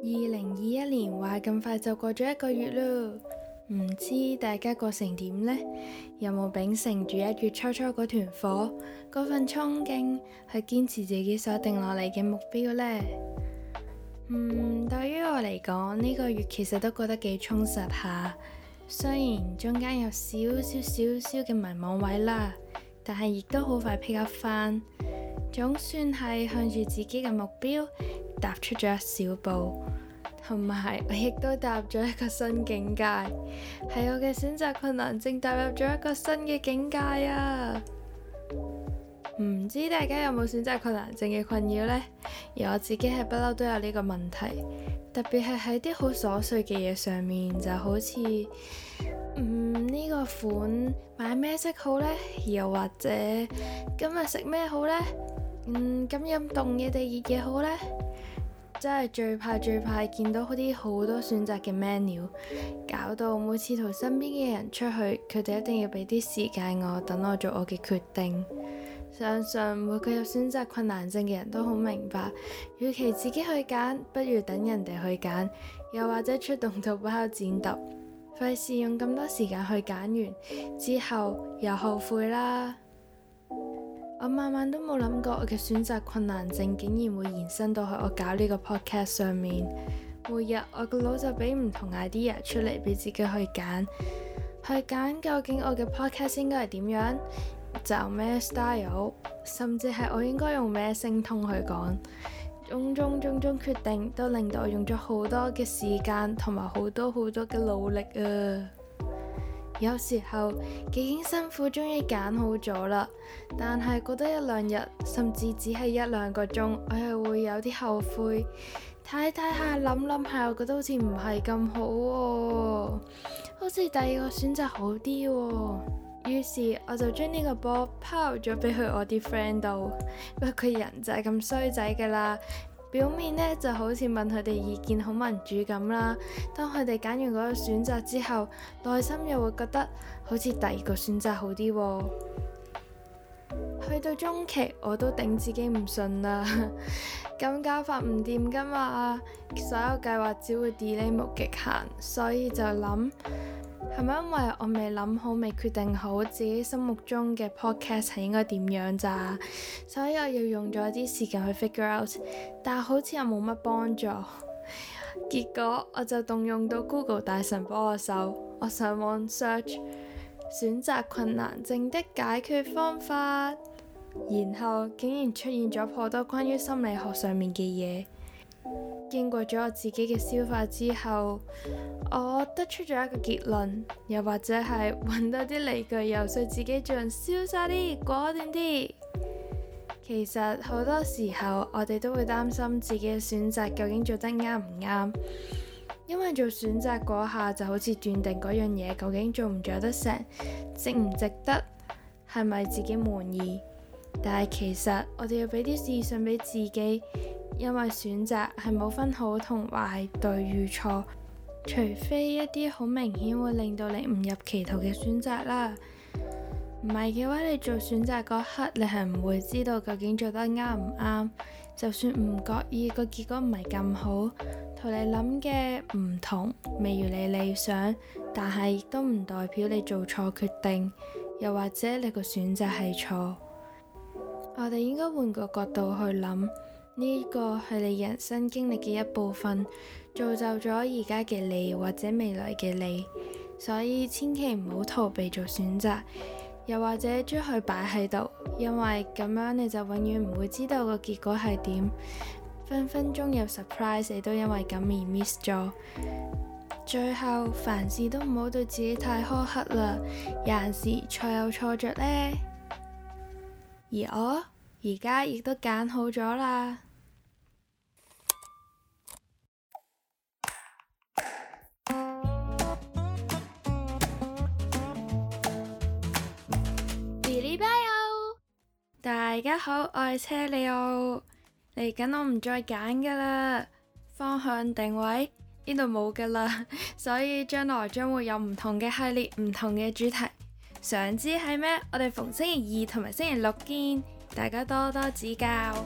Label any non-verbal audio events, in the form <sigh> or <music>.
二零二一年話咁快就過咗一個月啦，唔知大家過成點呢？有冇秉承住一月初初嗰團火嗰份憧憬，去堅持自己所定落嚟嘅目標呢？嗯，對於我嚟講，呢個月其實都過得幾充實下，雖然中間有少少少少嘅迷茫位啦，但係亦都好快披甲翻，總算係向住自己嘅目標。踏出咗一小步，同埋我亦都踏入咗一個新境界，係我嘅選擇困難症踏入咗一個新嘅境界啊！唔知大家有冇選擇困難症嘅困擾呢？而我自己係不嬲都有呢個問題，特別係喺啲好瑣碎嘅嘢上面，就好似嗯，呢個款買咩色好呢？又或者今日食咩好呢？」嗯，咁飲凍嘢定熱嘢好呢？真係最怕最怕見到啲好多選擇嘅 menu，搞到每次同身邊嘅人出去，佢哋一定要俾啲時間我，等我做我嘅決定。相信每個有選擇困難症嘅人都好明白，與其自己去揀，不如等人哋去揀，又或者出動到包剪揼鬥，費事用咁多時間去揀完之後又後悔啦。我萬萬都冇諗過我，我嘅選擇困難症竟然會延伸到去我搞呢個 podcast 上面。每日我個腦就俾唔同 idea 出嚟俾自己去揀，去揀究竟我嘅 podcast 應該係點樣，就咩 style，甚至係我應該用咩聲通去講，種種種種種決定都令到我用咗好多嘅時間同埋好多好多嘅努力啊！有時候，幾經辛苦，終於揀好咗啦。但係過多一兩日，甚至只係一兩個鐘，我又會有啲後悔。睇睇下，諗諗下，我覺得好似唔係咁好哦。好似第二個選擇好啲哦，於是我就將呢個波拋咗俾去我啲 friend 度，不過佢人就係咁衰仔噶啦。表面呢就好似問佢哋意見好民主咁啦，當佢哋揀完嗰個選擇之後，內心又會覺得好似第二個選擇好啲喎。去到中期我都頂自己唔順啦。 <laughs> 咁搞法唔掂㗎嘛，所有計劃只會 delay 冇極限，所以就諗係咪因為我未諗好，未決定好自己心目中嘅 podcast 係應該點樣咋、啊，所以我要用咗啲時間去 figure out，但係好似又冇乜幫助，結果我就動用到 Google 大神幫我手，我上網 search 選擇困難症的解決方法。然後竟然出現咗好多關於心理學上面嘅嘢，經過咗我自己嘅消化之後，我得出咗一個結論，又或者係揾多啲理據遊說自己做人瀟灑啲，果斷啲。其實好多時候我哋都會擔心自己嘅選擇究竟做得啱唔啱，因為做選擇嗰下就好似斷定嗰樣嘢究竟做唔做得成，值唔值得，係咪自己滿意。但係其實我哋要俾啲自信俾自己，因為選擇係冇分好同壞對與錯，除非一啲好明顯會令到你誤入歧途嘅選擇啦。唔係嘅話，你做選擇嗰刻，你係唔會知道究竟做得啱唔啱。就算唔覺意個結果唔係咁好，同你諗嘅唔同，未如你理想，但係亦都唔代表你做錯決定，又或者你個選擇係錯。我哋應該換個角度去諗，呢個係你人生經歷嘅一部分，造就咗而家嘅你或者未來嘅你。所以千祈唔好逃避做選擇，又或者將佢擺喺度，因為咁樣你就永遠唔會知道個結果係點，分分鐘有 surprise 你都因為咁而 miss 咗。最後凡事都唔好對自己太苛刻啦，有陣時錯有錯着呢。而我而家亦都揀好咗啦。利利拜歐，大家好，我係車利歐。嚟緊我唔再揀噶啦，方向定位呢度冇噶啦，所以將來將會有唔同嘅系列，唔同嘅主題。想知係咩？我哋逢星期二同埋星期六見，大家多多指教。